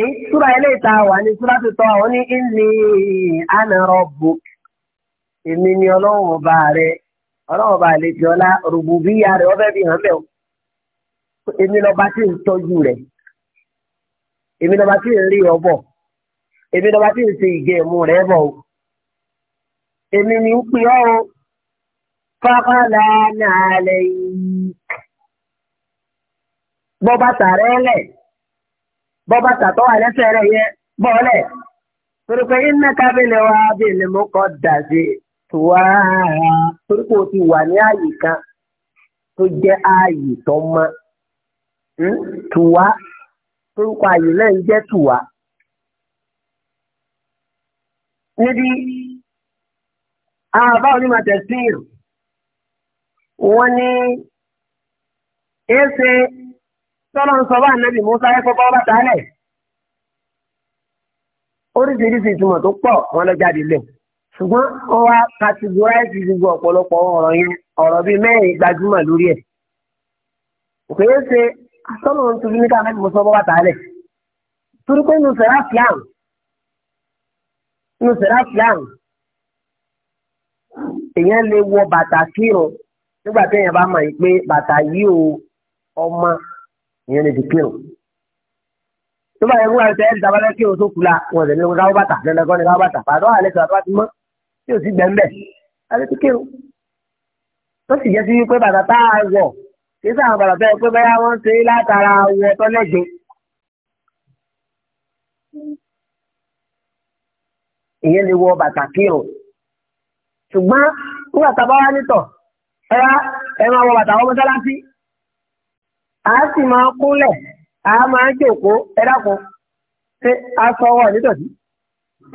Èyí wà ní súra tó tọ́ àwọn ìní àná Èmi ni ọlọ́wọ́ rẹ̀. Ọlọ́wọ́ èmi lọ́ba tí ń rí ọ bọ̀ èmi lọ́ba tí ń ṣe ìgẹ̀ ẹ̀mú rẹ bọ̀ o èmi ni ń pè ọ́ o fákàlà náà lẹ́yìn bọ́ bàtà rẹ lẹ̀ bọ́ bàtà tó wà lẹ́sẹ̀ rẹ yẹ bọ́ọ̀lẹ̀ torí pé iná kábílẹ̀ wa bèèlè mú kọ́ dàdé tó wá o ti wà ní ààyè kan tó jẹ́ ààyè tó mọ́ hmm? tó torúkọ àyè náà ń jẹ́ tùwá. níbi àbá onímọ̀ tẹ̀síìrì wọ́n ní ése tọ́lọ́ ń sọ bá nẹ́bí Musa ẹ̀ kọ́kọ́ bá tálẹ̀ oríṣiríṣi ìtumọ̀ tó pọ̀ wọn lọ jáde lẹ̀ ṣùgbọ́n wọn wá categorize gbogbo ọ̀pọ̀lọpọ̀ ọ̀rọ̀ yẹn ọ̀rọ̀ bíi mẹ́rin gbajúmọ̀ lórí ẹ̀ kò yẹ ṣe sọ́nà ń torí ní káfẹ́ mọ̀ sọ́bọ́ bàtà rẹ̀ torí pé nù sẹ̀rá fìlàn nù sẹ̀rá fìlàn èèyàn lè wọ bàtà kírun ba tí èèyàn bá mọ̀ yìí pé bàtà yìí o ọmọ èèyàn lè fi kírun tó bá yẹ kó àti ẹ̀rí tabalẹ̀ kí o tó kula wọn ò lè nílò káwọ́ bàtà dandan kọ́ ni káwọ́ bàtà pàdó àlẹ́ tó bá ti tí o sì gbẹ̀ ń bẹ̀ àlẹ́ ti kírun tó sì jẹ́ sí wípé bàtà tá a wọ̀ kí sáwọn bàbá bẹ́ẹ̀ pé bẹ́ẹ̀ wọ́n ṣe látara wọ tọ́lẹ́gbẹ́. ìyẹn lè wọ bàtà o ṣùgbọ́n nígbà tá a bá wá nítọ̀ ẹ̀rá ẹ̀ máa wọ bàtà wọ mọ́sálásí a sì máa kúnlẹ̀ a máa jòkó ẹ dákun ṣé a sọ wọ̀ nítòsí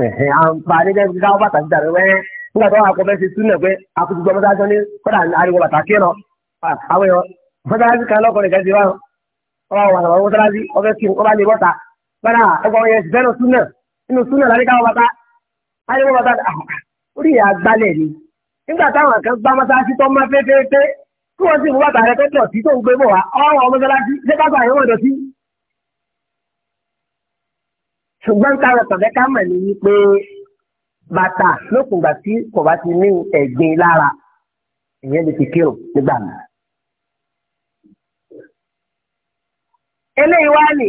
ẹ̀hìn àǹfààní gẹ́gẹ́ bí káwọn bàtà síta rẹ̀ wẹ́ẹ́ nígbà tó wà kọ́ fẹ́ ṣe súnlẹ̀ pé akutu gbọmọdé aṣọ ní kọ́dà ariwo bàtà kírun àwọn èèyàn mọ́sálásí kan lọ́kùnrin kan ti wá ọwọ́ àwọn àwọn mọ́sálásí ọbẹ̀ kí ọba lè bọ́ta bára ẹgbẹ́ ọyẹ ṣiṣẹ́ nù súnà nínú súnà láti káwọn bàtà láti wọ́n bàtà ah, orí ìyá gbalẹ̀ ni nígbà táwọn kan gbá mọ́sálásí tó má fẹ́fẹ́fẹ́ kí wọ́n sì mú bàtà rẹ tọ́tọ̀ sí tó ń gbé bọ̀ wá ọwọ́ mọ́sálásí ṣé bàtà yẹn wọ̀ dọ̀tí. ṣùgbọ́n káwọn tọ̀fẹ́ ká mọ̀ ní wípé bàtà lókùngbà tí kò bá ti ní ẹ̀gbin lára ìyẹn lè fi kírun nígbà náà. eléyìí wá nì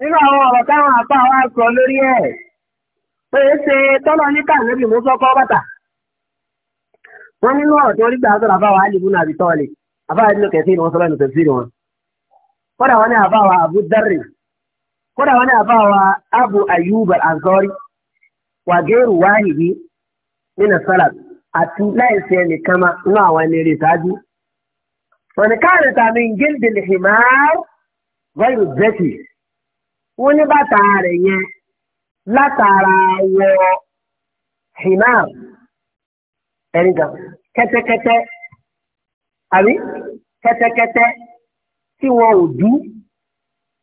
nínú àwọn ọ̀rọ̀ táwọn àpá wa sọ lórí ẹ̀ pé é ṣe tọ́lọ́ ní kàlẹ́bì mú sọ́kọ́ bàtà wọ́n nínú ọ̀rọ̀ tí wọ́n rí gbà sọ̀rọ̀ àbáwá àlìbú náà àbí tọ́ọ̀lì àbáwá nínú kẹsí ni wọ́n sọ lẹ́nu tẹ̀sí wọn kódà wọn ní àbáwá Abu Darri kódà wọn ní àbáwá Abu Ayyub al wà gẹ́rù wáhìbí nínú sọ́là àti láìsí ẹnìkan máa ń àwọn ẹni rè ṣáájú. wọ́n ní káàrìtà min jildil himar vẹ́rù bẹ́tì wọ́n ní bàtà rẹ̀ yẹn látara wọ himam ẹ̀rígà kẹ́tẹ́kẹ́tẹ́ àbí kẹ́tẹ́kẹ́tẹ́ tí wọn ò dú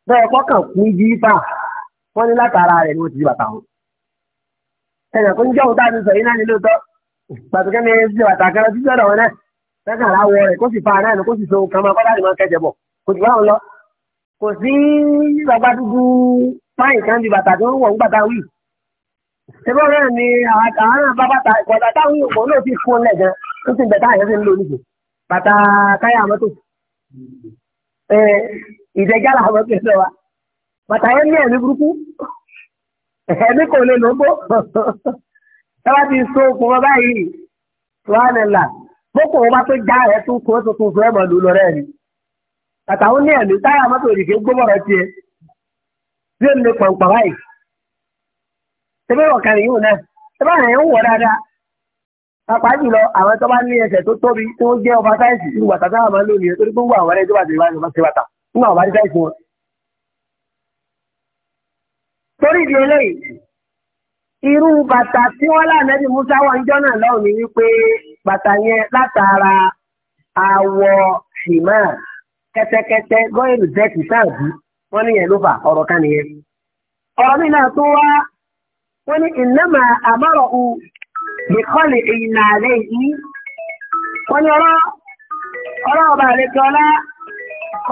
bẹ́ẹ̀ kọ́kàn kún jífà wọ́n ní látara rẹ̀ ni wọ́n ti di bàtà wọn. ẹ̀yàn kò ní jẹ́ òun dáa ní sọ yín náà ní lóòótọ́ pàtàkì ní ti bàtà kan títí ọ̀dọ̀ wọn náà lẹ́kàn àwọ̀ rẹ̀ kó sì fa náà kó sì so nǹkan máa kọ́ láti máa kẹ́jẹ̀ bọ̀ kò jù báwọn lọ kò sí bàbá dúdú máì kan di bàtà tó ń wọ̀ ń bàtà wì. ṣébọ́ náà ni àwọn náà bá bàtà ìkọ̀dà táwọn òpó náà ti fún lẹ̀ gan ó sì ń bẹ̀tà àyẹ̀ sí ń lò níbi bàtà káyà mọ́tò. ìdẹ́jà làwọn ọmọ kẹsàn wa bàtà yẹn ní ẹ̀mí burúkú ẹ̀mí kò lè lóbó ẹ bá ti so okùn wọn báyìí tó á wọn bá tó já ẹ̀ tó kó tó tó fún ẹ̀ mọ̀ lù lọ rẹ̀ ni àtàwọn ní ẹ̀mí táyà mọ́tò òdìgé gbọ́bọ̀rọ̀ tiẹ̀ bí èmi lè pọ̀npọ̀ báyìí tẹ́fẹ́ ọ̀kan yìí náà tẹ́fẹ́ àwọn èèyàn ń wọ̀ dáadáa pàápàá jùlọ àwọn tó bá ní ẹsẹ̀ tó tóbi tó ń jẹ́ ọba sáyẹ̀sì ní wàtà táwọn máa ń lò nìyẹn torí gbogbo àwọn ẹni tó bá ti wá ní ọba ti wàtà nínú àwọn àbájáde sáyẹ̀sì wọn. torí ìdí eléyìí irú bàtà tí wọ́n lànàbí musa wà ń jọ́nà lọ́hùn ní wípé bàtà yẹn látara àwọ̀ ṣìmáà kẹtẹkẹtẹ gọ́ìrù dẹ́kì sáàbù wọ́n ní yẹn fà ọ̀rọ̀ kan nìyẹn. ọ̀rọ̀ mi náà tó wá wọ́n ní ìnáma àmọ́rọ̀ u bìkọ́lì ìyìnà yìí wọ́n ní ọba àlejò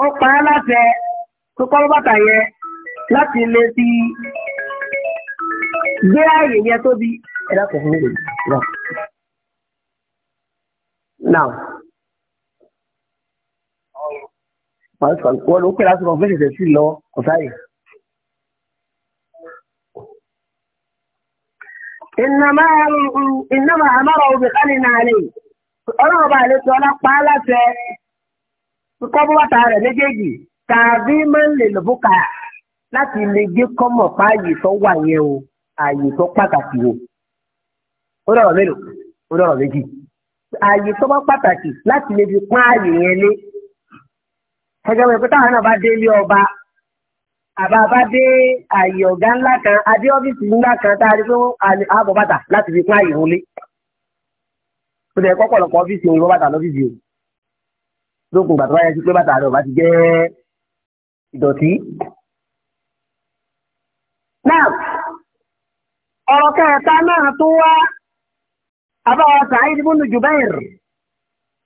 ó pa á láti lè fi gbé ààyè yẹn tóbi. wọ́n ló pè láti mọ̀ fún ìṣẹ̀ṣẹ̀ sí lọ ọ̀sáyè. ìnáma àmọ́ra obìkan ní àlè ọlọ́run bá lè sọ ọlọ́pàá aláṣẹ kọ́bọ́ bàtà rẹ̀ méjèèjì tàbí máa ń lè lọ́bùkà láti lè gbé kọ́mọ̀ pa ààyè tó wà yẹn o ààyè tó pàtàkì o. ó dọ̀rọ̀ mélòó ó dọ̀rọ̀ méjì ààyè tó bá pàtàkì láti lè fi pọ́n ààyè yẹn lé ẹjọ́ mi pé táwọn náà bá dé ilé ọba àbá bá dé àyè ọ̀gá ńlá kan adé ọ́fíìsì ńlá kan tá a rí pé ààbọ̀ bàtà láti fi pín àyè wọlé ó dẹ̀ kọ́pọ̀lọpọ̀ ọ́fíìsì òyìnbó bàtà lọ́fíìsì o lókun gbàtọ́ bá yẹ sí pé bàtà rẹ̀ ọba ti jẹ́ ìdọ̀tí. náà ọ̀rọ̀ kẹta náà tó wá àbáwọ̀ sàáyé ibùdó jùbẹ́ẹ̀rì.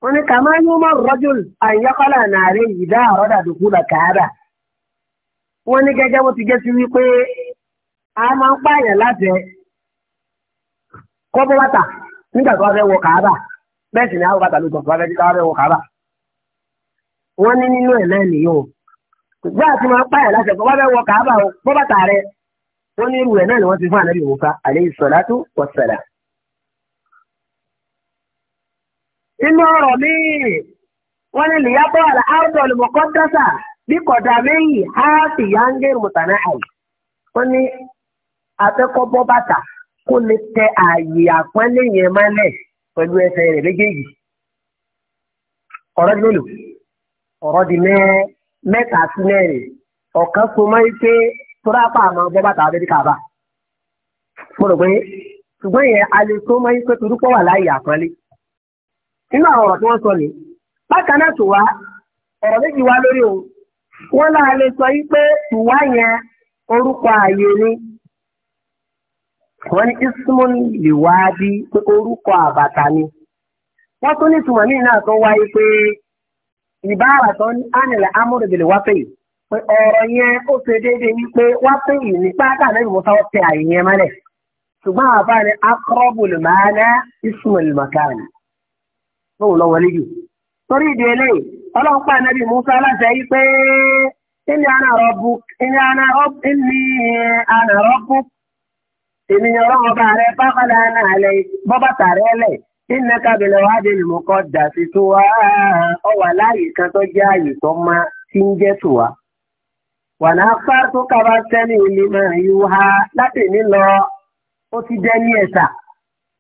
wọ́n ní kàmá ní umar rajul àyẹ́kọ́lá na ìdá àrọ́dà dùkúlà kàádà wọ́n ní a ma ń pààyàn láti kọ́bọ́ bàtà nígbà tó wá fẹ́ wọ kàádà bẹ́ẹ̀ sì ni àwọn bàtà ló tọ̀ tó wá fẹ́ wọ kàádà wọ́n ní nínú ẹ̀ náà nìyó gbé àti máa ń pààyàn láti kọ́ fẹ́ wọ o bọ́ bàtà wọ́n ní ni wọ́n ti fún àlẹ́ inú ọ̀rọ̀ míì wọ́n ní lìyàbọ̀ àrùdọ̀ lùmọ̀kọ́dọ́sà bí kọ̀dà méyì á fi yá mùtànà àì. wọ́n ní afẹ́kọ́bọ́ bàtà kó lè tẹ ààyè àpọ́nlé yẹn mọ́lẹ̀ pẹ̀lú ẹsẹ̀ rẹ̀ méjèèjì. ọ̀rọ̀ mélòó ọ̀rọ̀ di mẹ́ta sí mẹ́rin ọ̀kan so mọ́ ike tórápà àmọ́ bọ́ bàtà kàbà. mo rò pé ṣùgbọ́n yẹn a lè so mọ́ ike torúpọ̀ wà láàyè àpọ́nlé. nínú àwọn ọ̀rọ̀ tí wọ́n sọ ni bákan tùwá ọ̀rọ̀ méjì wá lórí o wọ́n náà lè sọ yí pé tùwá yẹn orúkọ ààyè ni wọ́n ní ismun lè wá bí pé orúkọ àbàtà ni wọ́n tún ní tùmọ̀ míì náà tó wáyé pé ìbára tó ní ánìlẹ̀ amúrèdèlè wá fẹ́ yìí pé ọ̀rọ̀ yẹn ó ṣe déédéé wá yìí ní tóun lọ wọlé jù torí ìdí eléyìí ọlọ́run pa ànábì Musa láṣẹ yìí pé ìní àná rọ́bù ìní àná rọ́bù ìní àná rọ́bù ènìyàn ọlọ́run ọba rẹ pápálá náà lẹ bọ́bá tààrẹ́ lẹ̀ ìní kábìlẹ̀ wá dé lùmọ́ kọ́ dà sí wà láàyè kan tó jẹ́ àyè tó máa ha láti ní ó ti jẹ́ ní ẹ̀sà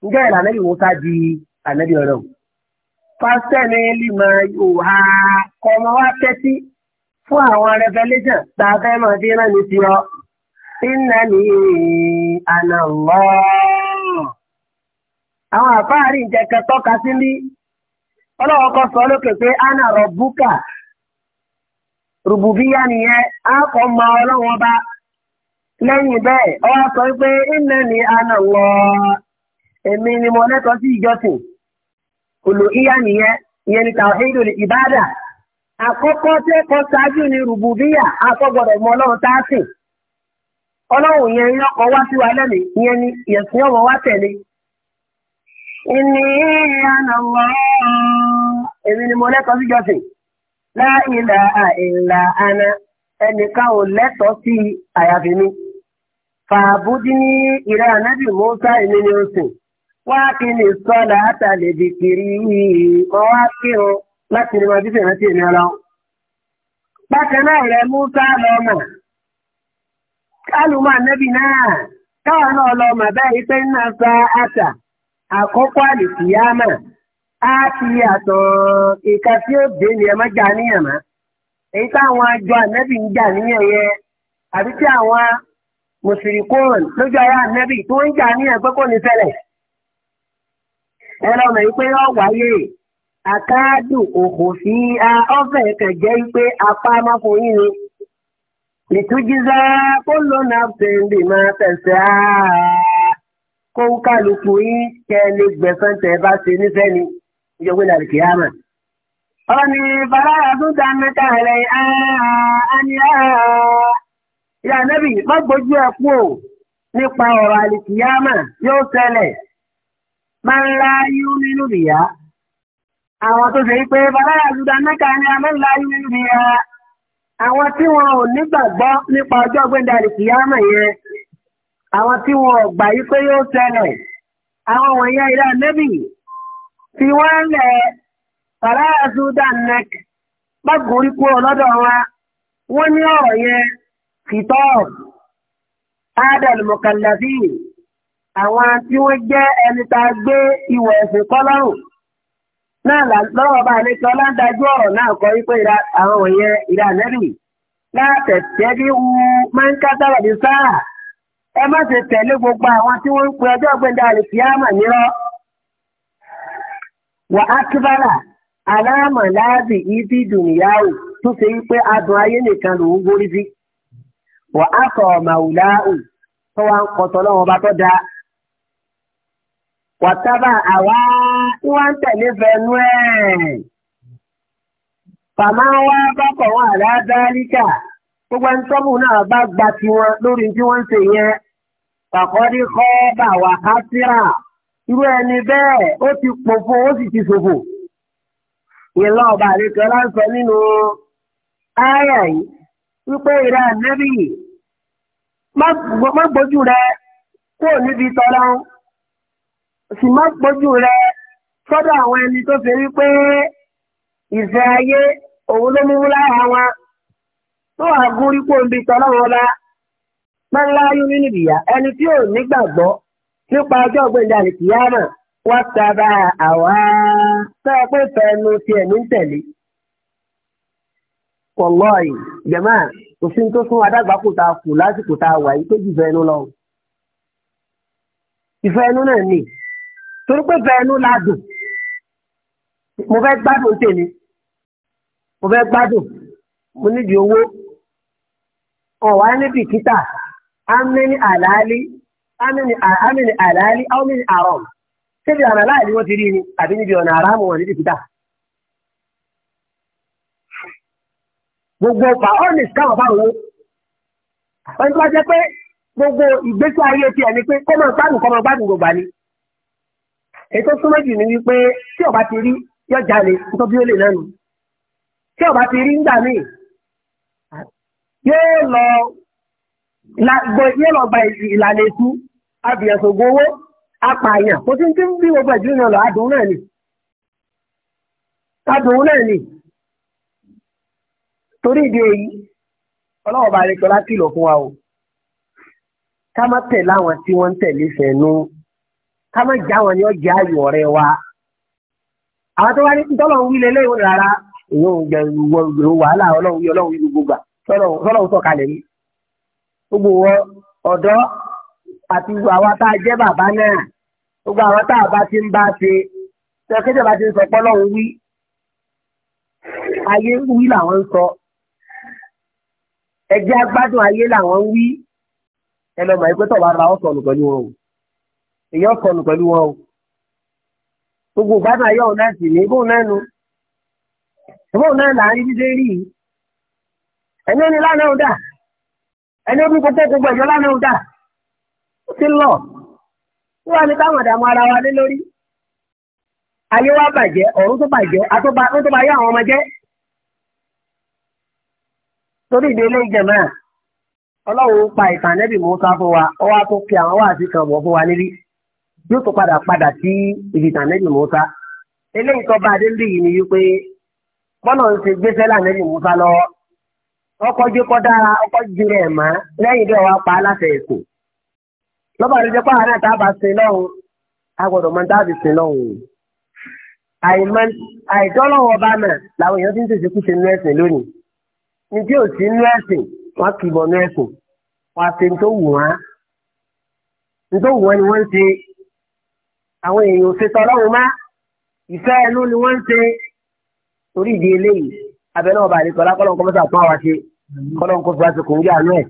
ìlànà di pásítẹ̀lì lìmọ̀ ìhà ọmọ wa tẹ́tí fún àwọn revelation tá a fẹ́ mọ̀ sí ní ni àná lọ. Àwọn àfáàrí ìjẹ̀kẹ̀ tọ́ka sí ní ọlọ́wọ́ kan sọ lókè pé àná rọ̀ búkà. Rùbùbíyá nìyẹn, a kò mọ ọlọ́wọ́n bá. Lẹ́yìn bẹ́ẹ̀, ọ sọ pé àná Èmi ni mo sí ìjọsìn. olùhíyá nìyẹn ìyẹn ni tàwíìdù ìbádà àkọ́kọ́ tí ẹ̀kọ́ ṣáájú ni rùbùbíyà afọ́gbọ́dọ̀ mọ ọlọ́run tá a ọlọ́run yẹn ń yọkọ̀ wá sí wa lẹ́nu ìyẹn ni ìyẹ̀sìn ọmọ wa tẹ̀lé. ìní ìyànà èmi ni mo lẹ́tọ̀ọ́ sí jọ́sìn láìlà àìlà àná ẹnìkan ò lẹ́tọ̀ọ́ sí àyàfi mi fàbùdí ní ìrẹ́ ànábì mọ́sá èmi ni ó sìn. wákìlì sọ́dà àtàlè dìkìrì yìí mọ́ láti ọdún Bákan náà rẹ̀ Kálùmọ̀ náà náà pé ń náà àtà á ìka tí ó dé ni ẹ jà níyàn mọ́. Èyí táwọn àjọ ànábì ń jà níyàn yẹn àbí tí àwọn mùsùlùmí lójú ń jà níyàn pé kò ẹ̀rọ mẹ̀ pé yọ wáyé àkáàdù òkò fi ọ̀fẹ́ kẹ̀jẹ́ pé apá máfoyín ni ìtújíṣẹ́ kó ló na tẹ̀lé máa tẹ̀sẹ̀ á kó ń kálukú yín kẹ́ lè gbẹ̀sán tẹ̀ bá ṣe nífẹ̀ẹ́ ni ìjọba ìlànà kìámà. ọ̀nì fàlàyà tó dá mẹ́ta rẹ̀ ẹni ìyá nẹ́bì má gbójú ẹ̀ kú ò nípa ọ̀rọ̀ àlìkìyámà yóò ṣẹlẹ̀ máa ń la yú nínú bìyà àwọn tó ṣe pé balára àdúrà mẹ́ta ni a máa ń la yú nínú bìyà àwọn tí wọn ò nígbàgbọ́ nípa ọjọ́ gbẹ̀dà ìkìyàmọ̀ yẹn àwọn tí wọn ò gbà yí pé yóò ṣẹlẹ̀ àwọn wọ̀nyẹn ìlà nẹ́bì tí wọ́n lẹ̀ balára àdúrà nẹ́k bá gòrí kúrò lọ́dọ̀ wa wọ́n ní ọ̀rọ̀ yẹn kìtọ́ọ̀ adàlùmọ̀kàlàfíì àwọn tí wọ́n jẹ́ ẹni tá a gbé ìwọ̀ ẹ̀sìn kọ́ lọ́rùn náà lọ́wọ́ bá ilé tí ọlá ń dájú ọ̀rọ̀ náà kọ́ wípé àwọn wọ̀nyẹn ìdá nẹ́bì látẹ̀tẹ̀ bí wu máa ń kátàrà ní sáà ẹ má ṣe tẹ̀lé gbogbo àwọn tí wọ́n ń pe ọjọ́ gbẹ̀dẹ̀ àlùfíàmà nírọ́ wà á kíbára aláàmà láàbì ibi dùnìyàwó tó ṣe wípé adùn ayé nìkan lòún gorí sí wà á sọ ọ̀mà òláhùn tó wá ń kọ́tọ̀ lọ́wọ́ bá tó dáa wàtábà àwa tí wọ́n ń tẹ̀lé fẹnu ẹ̀. Fàmá wá bákọ̀ wọn àdáadáríkà. Gbogbo ẹni tọ́bù náà bá gba tiwọn lórí tí wọ́n ń ṣe yẹn. Kàkọ́rí kọ́ bà wà kásírà. Irú ẹni bẹ́ẹ̀ ó ti pòfo ó sì ti ṣòfò. Ìlọ ọba àlejò láǹsọ nínú ààyè yìí wípé ìrẹ́ ànẹ́bì má gbójú rẹ kúrò níbi tọ́lọ́run sì má gbójú rẹ sọ́dọ̀ àwọn ẹni tó fi rí pé ìfẹ́ ayé òun ló mú lára wọn tó wà gúrí kó ń bi tọ́lọ́wọ́ la mẹ́ńlá yún nínú ìyá ẹni tí ò nígbàgbọ́ nípa ọjọ́ ọ̀gbẹ́ndà nìkìyàmà wọ́n sábà àwa tẹ́ pé fẹ́nu tiẹ̀ ní tẹ̀lé. Wallahi jẹ̀mọ́ òfin tó fún adágbàkú ta kù lásìkò tá a wà yìí tó jù fẹ́nu lọ. Ìfẹ́nu náà nìyí. torí pé bẹ́ẹ̀ ló la dùn mo fẹ́ gbádùn tèmi mo fẹ́ gbádùn mo nídìí owó ọ̀wá níbi kíta amíní àlàálí amíní àlàálí amíní àrọ̀m síbi ọ̀nà wọ́n ti rí ni àbí níbi ọ̀nà àràmù wọn níbi kíta. gbogbo ọ̀pá ọ́nìs káwọn bá owó wọ́n ti wá jẹ́ pé gbogbo ìgbésí ayé tiẹ̀ ni pé ètò súnmọ́ jù ní wípé tí ọba ti rí yọ jalè nítorí bí ó lè lẹ́nu tí ọba ti rí nígbà míì yóò lọ gba ìlànà ètú abìyànṣògùn owó apààyàn kò sí tí ń bí gbogbo ẹ̀jú ìrìnà lọ adùn náà ni adùn náà ni torí ìdí èyí ọlọ́wọ́ bá rí sọ láti lọ fún wa o ká má tẹ̀ láwọn tí wọ́n ń tẹ̀lé fẹ̀ẹ́nú ká má já wọn ni ó jẹ́ ayò ọ̀rẹ́ wa àwọn tó wá ní tọ́lọ́run wí lélẹ́ ìwọ̀n rárá ìwọ̀n gbẹ̀rù wàhálà ọlọ́run wí ọlọ́run wí gbogbo gbà tọ́lọ́run sọ̀kalẹ̀ ni gbogbo wọn ọ̀dọ́ àti àwa tá a jẹ́ bàbá náà gbogbo àwọn tá a bá ti ń bá ṣe tẹ́kẹ́jọba ti ń sọ pọ́lọ́run wí ayé wí làwọn ń sọ ẹgbẹ́ agbádùn ayé làwọn ń wí ẹ lọ mọ̀ ẹ pé tọ̀ bá ra ọ̀sán pẹ̀lú wọn o èyàn kọlù pẹ̀lú wọn o gbogbo ìbádàn ayé ọ̀hún náà sì ní ibò náà nu ibò náà là ń rí dídé rí yìí ẹni ó ní lánàá ó dà ẹni ó ní kókó gbogbo ẹ̀jọ́ lánàá ó dà ó ti lọ wíwá ni káwọn àdàmú ara wa lé lórí ayé wa bàjẹ́ ọ̀run tó bàjẹ́ àtúbà tó bá yé àwọn ọmọ jẹ́ torí ìdílé ìjẹ̀mọ́ ọlọ́run pa ìtàn nẹ́bì mú sá fún wa ọwọ́ tó kí àwọn wáàsí kan bọ̀ fún wa níbí. yóò tó padà padà sí ìdìtàn nẹ́bí Musa eléyìí tó bá adé ń bì yìí ni wípé bọ́lá ń ṣe là nẹ́bí Musa lọ ọkọ̀ jẹ́ dára ọkọ̀ jẹ́ rẹ̀ mọ́ lẹ́yìn bí wàá pa á láṣẹ èkó lọ́ba sin lọ́hùn agbọ̀dọ̀ máa dábì sin làwọn èèyàn ti ń nú ẹ̀sìn lónìí ní tí àwọn èèyàn ò ṣe tọ́lọ́run má ìfẹ́ ẹnu ni wọ́n ń ṣe torí ìdí eléyìí abẹ́lẹ́ ọba àdìsọ́lá kọ́lọ́n kọ́ mọ́tà fún àwa ṣe kọ́lọ́n kó fi wá sí àánú ẹ̀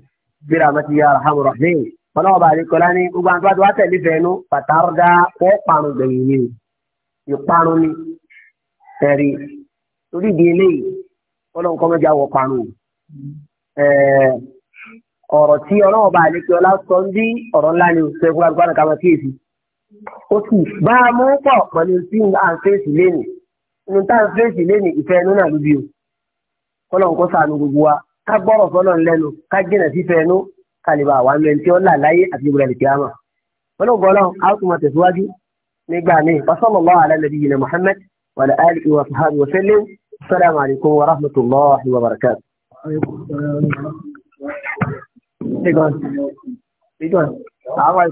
bí ramati ya rahamu rahim kọ́lọ́n ọba àdìsọ́lá ní gbogbo àwọn tó wá tẹ̀lé fẹ́ nu pàtàkì kọ́ parun gbẹ̀yìn ni ìparun ni ẹ̀rí torí ìdí eléyìí kọ́lọ́n kọ́ mọ́tà wọ parun ọ̀rọ̀ tí ọlọ́wọ́ bá àdìsọ́lá sọ ń bí ọ̀rọ̀ ó sì bá a mú pọ̀ pẹ̀lú tí à ń fèsì lénìí ní tá à ń fèsì lénìí ìfẹ́ ẹnu náà lóbi o kọ́lọ́n kó sànù gbogbo wa ká gbọ́rọ̀ sọ́nà lẹ́nu ká jìnà sífẹ́ ẹnu ká lè bá àwọn ẹni tí ó là láyé àti ìbúra lè kíámà ọlọ́gbọ́n náà a ó tún máa tẹ̀síwájú nígbà míì wasallallahu ala nabiyyina Muhammad wa ala alihi wa sahbihi wa sallam assalamu alaikum wa rahmatullahi wa barakatuh. Big one. Big one.